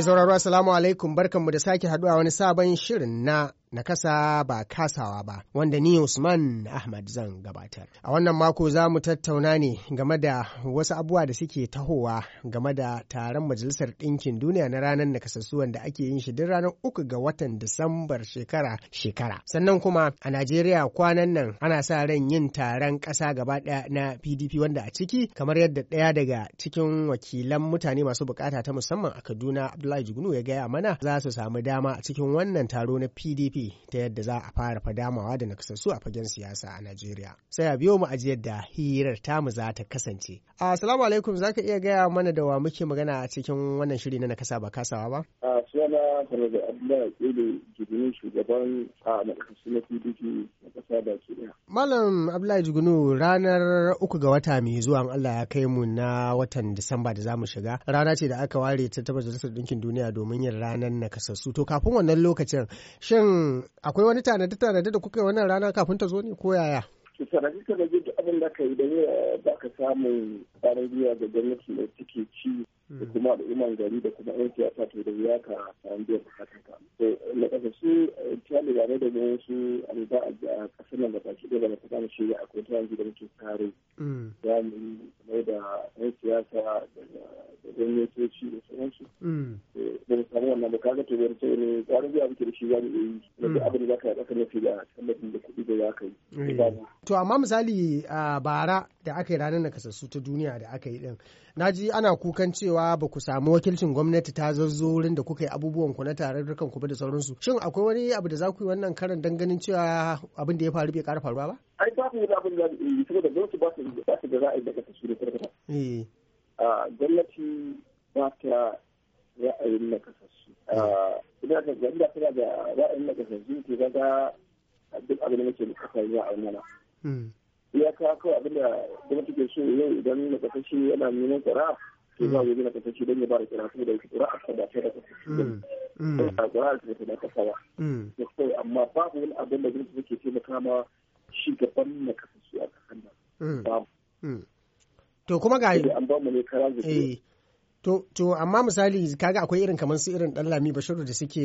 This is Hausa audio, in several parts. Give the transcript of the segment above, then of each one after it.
Mai sauraro Assalamu alaikum barkanmu da sake haduwa wani sabon shirin na na kasa ba kasawa ba wanda ni Usman Ahmad zan gabatar. A wannan mako za mu tattauna ne game da wasu abubuwa da suke tahowa game da taron Majalisar Ɗinkin Duniya na ranar nakasassu wanda ake yin shi duk ranar uku ga watan Disambar shekara shekara. Sannan kuma a Najeriya kwanan nan ana sa ran yin taron ƙasa gaba ɗaya na PDP wanda a ciki kamar yadda ɗaya daga cikin wakilan mutane masu bukata ta musamman a Kaduna abdullahi jugunu ya gaya mana za su samu dama a cikin wannan taro na pdp ta yadda za a fara fadamawa da nakasassu a fagen siyasa a najeriya sai a biyo mu ajiyar da hirar tamu za ta kasance assalamu alaikum za ka iya gaya mana da wa muke magana a cikin wannan shiri na nakasa ba kasawa ba Abdullahi shugaban a nakasassu na PDP na kasa Malam Abdullahi Jigunu ranar uku ga wata mai zuwa Allah ya kai mu na watan Disamba da zamu shiga rana ce da aka ware ta tabbata da ɗinkin duniya domin yin ranar nakasassu to kafin wannan lokacin shin akwai wani tanadi tanadi da kuka yi wannan rana kafin ta zo ne ko yaya tanadi tanadi da abin da ka yi da ba ka samu tsarin biya da gwamnati da suke ci da hmm. kuma al'umman gari da kuma yan siyasa to da wuya ka samu biyan bukatun ka to na kasa su ta da mu su alba a kasar nan da baki da ta ta shi akwai tiyali da muke kare hmm. za mu yi da yan siyasa da gwamnatoci da sauransu hmm. ke da yanzu ne tsarin biya muke da shi za mu yi yanzu hmm. abin da za ka yi tsakanin nafi da tallafin da kuɗi da za ka yi. Hmm. To amma misali a bara da aka yi ranar nakasassu ta duniya da aka yi din na ji ana kukan cewa ba ku samu wakilcin gwamnati ta zazzo wurin da kuka yi abubuwan ku na tarurrukan ku da sauransu shin akwai wani abu da za ku yi wannan karan dan ganin cewa abin da ya faru bai ƙara faruwa ba. Ai babu da abin da za su yi saboda gwamnati ba su da za eh. a yi daga tasu da tarkata. Gwamnati ba ta ra'ayin nakasassu. ina da jarida tana da ra'ayin da kasashe ke gaga duk abin da muke da kasa ya aunana iyaka kawai abin da kuma take so yau idan na kasashe yana nuna tsara to za a yi na kasashe don ya ba da kira su da tsara a kada ta da kasashe hmm. hmm. a tsara ta da kasa ba hmm. da kawai amma babu wani abin da gwamnati take taimaka ma shi gaban na kasashe a kasan nan to kuma ga an ba mu ne kara zai To, amma misali kaga akwai irin kamar su irin Ɗanlami Bashiru da suke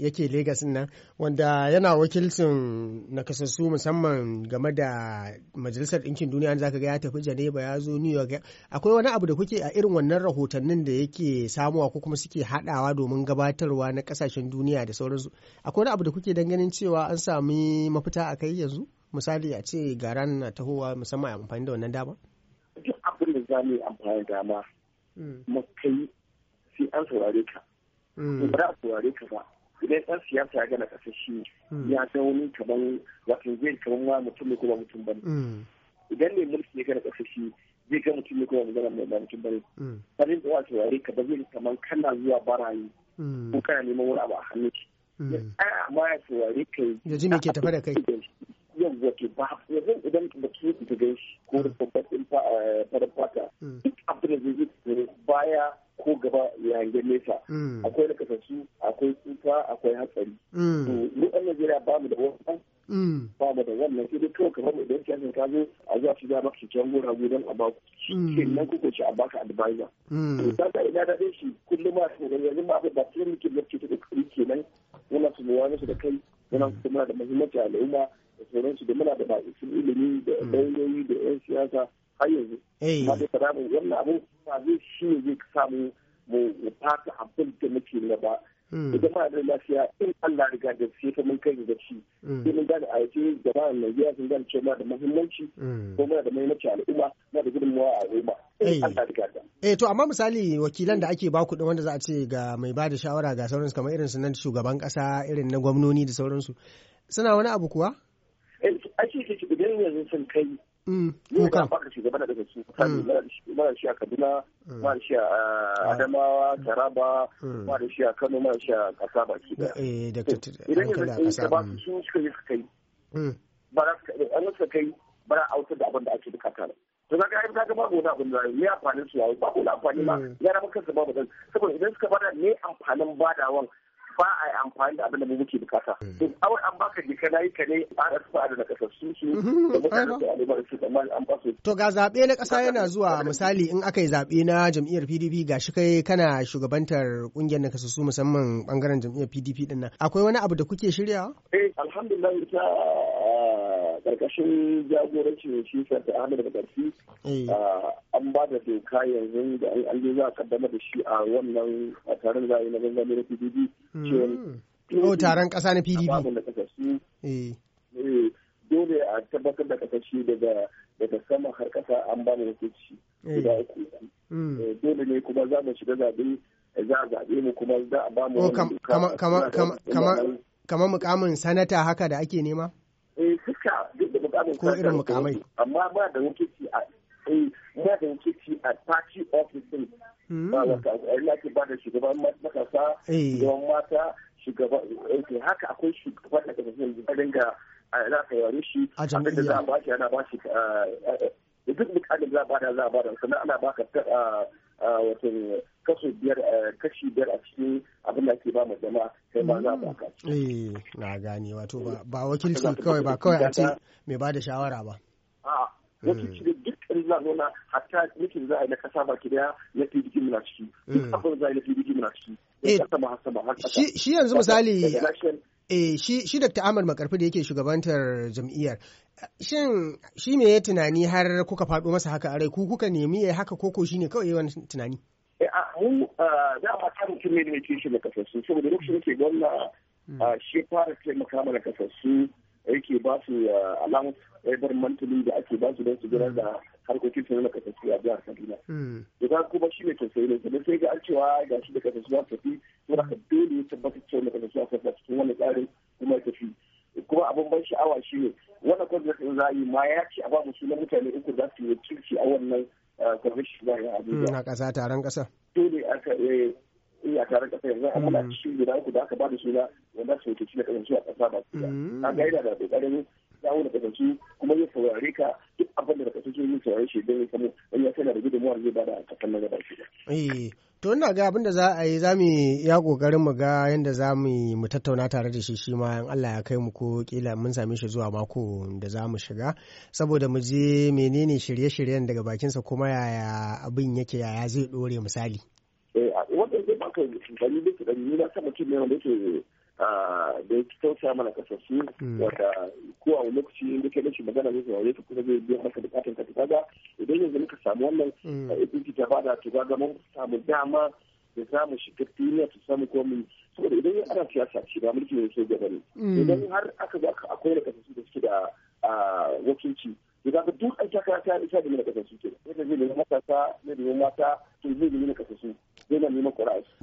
yake Legas nan wanda yana wakilcin nakasassu musamman game da Majalisar Ɗinkin Duniya za ka ga ya tafi Janeba ya zo New York akwai wani abu da kuke a irin wannan rahotannin da yake samuwa ko kuma suke haɗawa domin gabatarwa na kasashen duniya da sauransu akwai wani abu da kuke dan cewa an sami mafita a kai yanzu misali a ce garan na tahowa musamman amfani da wannan dama. Duk abin da za mu yi amfani dama makai mm. sai an saurare ka mm. ba za a saurare ka ba idan ɗan siyasa ya gana ƙasa shi mm. ya ga wani kaman wato zai kaman ma mutum ne kuma mutum ba idan ne mulki ya gana ƙasa shi zai ga mutum ne kuma mutum ba mutum ba ne sanin da wato yare ka ba zai kaman kana zuwa barayi ko kana neman wani abu a hannun shi amma ya saurare ka ya ji me ke tafa da kai yau zake ba yanzu idan da ke ta ga shi ko da babban eh, farin fata hmm. duk abin da zai zai baya ko gaba ya hange nesa hmm. akwai nakasassu akwai tsufa akwai hatsari hmm. to mu ɗan najeriya ba mu da wannan ba mu da wannan sai dai kawai kamar mu idan kyasin ka zo a zuwa su za maka cikin gora gudan a baku shi nan kuka ce a baka advisor to ta ga ina daɗin shi kullum ma su ga yanzu ma ba sai mutum da ke da kuri kenan yana su mu wani su da kai yana su da muhimmanci al'umma sauransu da muna da ma'aikacin ilimi da hmm. lauyoyi da 'yan siyasa har yanzu. Eh. Ma da fara mu wannan abu ba zai shi ne zai samu mu fata abin da muke na ba. Hmm. Idan ma da lafiya in Allah riga da sai ta mun kai da shi. Hmm. Sai mun gane a yake jama'ar Najeriya sun gane cewa da muhimmanci ko muna da muhimmanci al'umma na da gudunmawa a al'umma. In eh. Allah riga da. Eh to amma misali wakilan da ake baku ku wanda za a ce ga mai ba da shawara ga sauransu kamar irin sunan shugaban kasa irin na gwamnoni da sauransu. Suna wani abu kuwa? ake ke ci gidan yanzu sun kai mm, ne mm. da baka shi gaba da daga su mara shi a kaduna mara mm. shi a ah. adamawa taraba mara shi a kano mara shi a kasa da eh, idan yanzu ba su suka yi ba za su kai ba za a da abin da ake bukata to kaga babu wani abin da amfanin su babu wani amfani ya kansa babu saboda idan suka bada ne amfanin badawan fa a yi amfani da abin da mu muke bukata. Duk mm. awar an baka jika na yi ka ne ana mm-hmm. da nakasassu uh-huh. su da mutane su da an ba su. To ga zaɓe na ƙasa yana zuwa misali in aka yi zaɓe na jam'iyyar PDP ga shi kai kana shugabantar ƙungiyar nakasassu musamman ɓangaren jam'iyyar PDP ɗin nan. Akwai wani abu da kuke shiryawa Eh alhamdulillah ita karkashin jagorancin shi sarki ahmed da eh. an ba da doka yanzu da an je za a kaddamar da shi a wannan taron za a yi na gangami na pdp hmm. cewa oh, taron kasa na pdp eh. eh, dole a tabbatar da kasashe daga daga sama har kasa an ba da hukunci guda uku hmm. dole ne kuma za mu shiga zaɓe za a zaɓe mu kuma za a ba mu oh, kamar mukamin sanata haka da ake nema? eh duka duk da mukamin ko irin mukamai amma ba da wakilci a eh ba da wakilci a party office din hmm. ba wata eh, ba da shugaban matasa eh. shugaban mata shugaban eh haka akwai shugaban da ke da dinga ana eh, saurare shi a jam'iyya a ba shi ana ba shi duk mukamin za a ba da za a ba da sannan ana baka wato kaso biyar eh, kashi biyar a cikin abin da ake ba ma jama'a kai ma za a baka. Mm. Eh na gane wato ba wakilci kawai ba kawai a ce mai ba da shawara ba. A'a wakilci da duk in na nuna hatta mutum za a yi na kasa baki daya na PDP muna ciki. Mm. Duk abin za a yi na PDP muna ciki. Eh shi yanzu misali Eh, shi, shi Dr. Ahmad Makarfi da yake shugabantar jam'iyyar shin shi me ya tunani har kuka faɗo masa haka a rai ku kuka nemi ya haka koko shi ne kawai wani tunani eh, mu za a ta mutum ne ne mai kishi da kasassu saboda lokacin ke gwamna hmm. shi fara taimaka mana kasassu yake ba su alamun mantali da ake ba su don su gudanar da hmm. harkokin su na kasassu a jihar kaduna da za ba shi ne tausayi ne sai ga an cewa ga shi da kasassu ba su tafi ka dole ya tabbatar cewa na kasassu a cikin wani tsarin kuma ya tafi kuma abin ban sha'awa shi ne wannan kwanzar za a yi ma ya ce a babu sunan mutane uku za su yi kirki a wannan eh, kwamishin na abuja. na kasa taron ƙasa. dole aka eh, iya taron kasa yanzu a muna mm. cikin guda uku da aka ba da suna wanda su wakilci na kasance a kasa ba su da. Mm. an ga yana da ƙoƙarin dawo da kasance kuma zai saurare ka duk abin da mu saurare shi don samu in ya tana da gudunmuwa zai bada a na gaba shi eh, to ina ga abin da za a yi za mu ya kokarin mu ga yadda za mu mu tattauna tare da shi shi ma in Allah ya kai mu ko kila mun same shi zuwa mako da za mu shiga saboda mu je menene shirye-shiryen daga bakinsa kuma yaya abin yake yaya zai dore misali eh wannan zai baka dalilin da ni na sama cin ne wanda yake da ya tausaya mana kasassu hmm. wata ko a wani lokaci in shi magana zai saurare ta kuma zai biya maka bukatun ka kaga idan yanzu muka samu wannan hmm. eh, APC ta da to kaga mun samu dama da za mu shiga duniya ta samu komi saboda idan ana siyasa shi ba mulki ne sai gaba ne hmm. idan har aka ga akwai da kasassu da suke da ah, wakilci da duk an shaka ta isa da mai su ke da zai nemi matasa zai nemi mata to zai nemi su zai na neman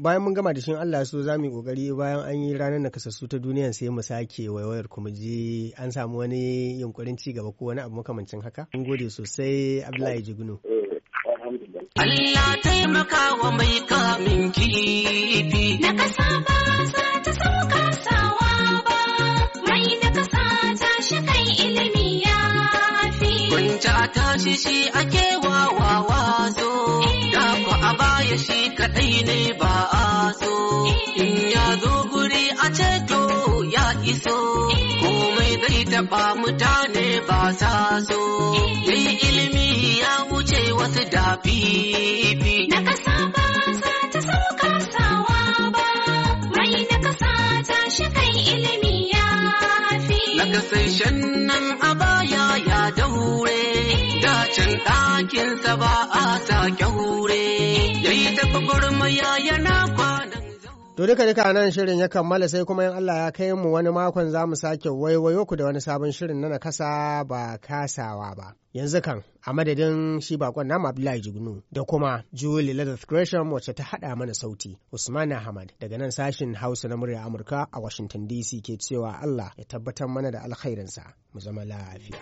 bayan mun gama da shin Allah so za mu yi kokari bayan an yi ranar na su ta duniya sai mu sake waiwayar kuma ji an samu wani yunkurin ci gaba ko wani abu makamancin haka mun gode sosai Abdullahi Jigunu eh, Allah taimaka wa mai kamin kifi a shi shi ake wawawa so da a baya shi kaɗai ne ba a so in ya zo guri a ceto ya iso komai zai taɓa mutane ba sa so dai ilimi ya wuce wasu dafi cikinsa ba a sake hure yayi ta yana kwanan To duka duka nan shirin ya kammala sai kuma in Allah ya kai mu wani makon za mu sake waiwayo ku da wani sabon shirin na nakasa ba kasawa ba. Yanzu kan a madadin shi bakon namu Abdullahi Jignu da kuma Julie Leather Gresham wacce ta haɗa mana sauti Usman Ahmad daga nan sashin Hausa na murya Amurka a Washington DC ke cewa Allah ya tabbatar mana da alkhairinsa mu zama lafiya.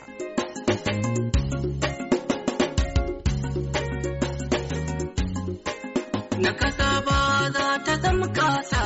ka ƙasa ba za ta zama ƙasa.